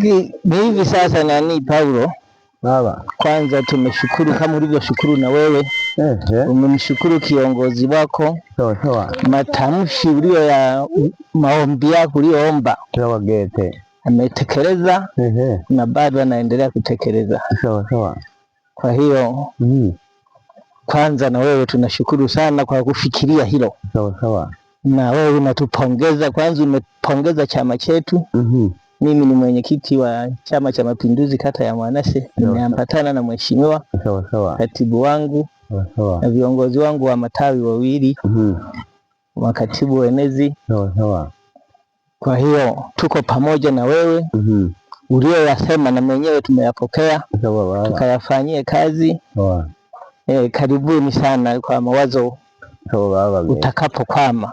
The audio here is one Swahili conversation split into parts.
ni hivi sasa nani Paulo Baba, kwanza tumeshukuru kama ulivyoshukuru na wewe eh, umemshukuru kiongozi wako sawa sawa, Matamshi ulio ya maombi yako ulioomba gete ametekeleza eh, na bado anaendelea kutekeleza sawa sawa. Kwa hiyo mm. Kwanza na wewe tunashukuru sana kwa kufikiria hilo sawa sawa, Na wewe unatupongeza, kwanza umepongeza chama chetu mm -hmm. Mimi ni mwenyekiti wa Chama cha Mapinduzi kata ya Mwanase, nimeambatana na mheshimiwa katibu wangu sawa, sawa. na viongozi wangu wa matawi wawili mm -hmm. makatibu wenezi sawa, sawa. Kwa hiyo tuko pamoja na wewe mm -hmm. Uliyoyasema na mwenyewe tumeyapokea tukayafanyie kazi sawa. E, karibuni sana kwa mawazo utakapokwama.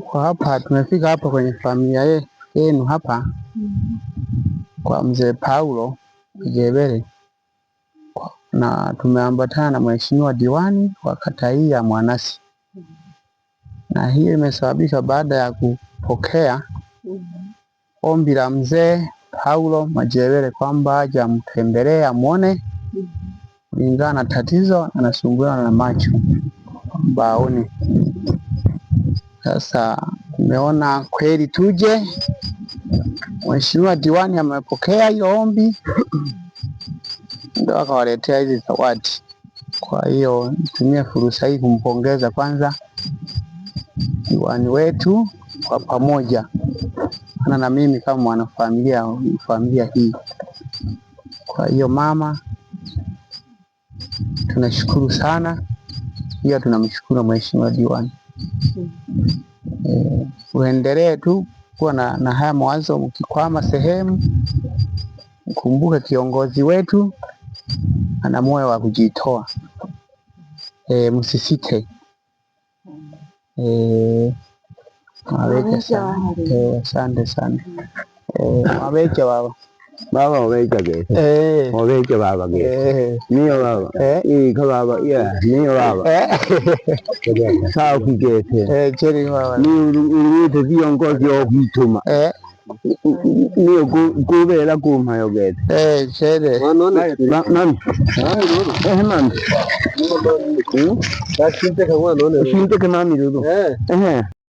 Kwa hapa tumefika hapa kwenye familia yenu hapa kwa mzee Paulo Jebele na tumeambatana na mheshimiwa diwani wa kata hii ya Mwanasi na hiyo imesababisha baada ya kupokea ombi la mzee Paulo Majewele kwamba aje amtembelee amwone kulingana na tatizo anasumbuliwa na macho mbaoni sasa tumeona kweli tuje. Mheshimiwa diwani amepokea hiyo ombi ndio akawaletea hizi zawadi. Kwa hiyo nitumie fursa hii kumpongeza kwanza diwani wetu kwa pamoja, ana na mimi kama mwanafamilia familia hii. Kwa hiyo mama, tunashukuru sana, pia tunamshukuru mheshimiwa diwani e, uendelee tu kuwa na, na haya mawazo. Ukikwama sehemu, kumbuka kiongozi wetu ana moyo wa kujitoa. E, msisite e, sana. E, asante sana e, mabega wao Baba weka ke. Eh. Weka baba ke. Eh. Niyo baba. Eh. Ika baba. Ya. Niyo baba. Eh. ki ke Eh, cheri baba. Ni ni te di onko yo bituma. Eh. Niyo ku ku be la ku ma yo ke. Eh, cheri. No no no. Nan. Eh nan. Ta chinte ka wa no ne. Chinte ka na mi do. Eh. Eh.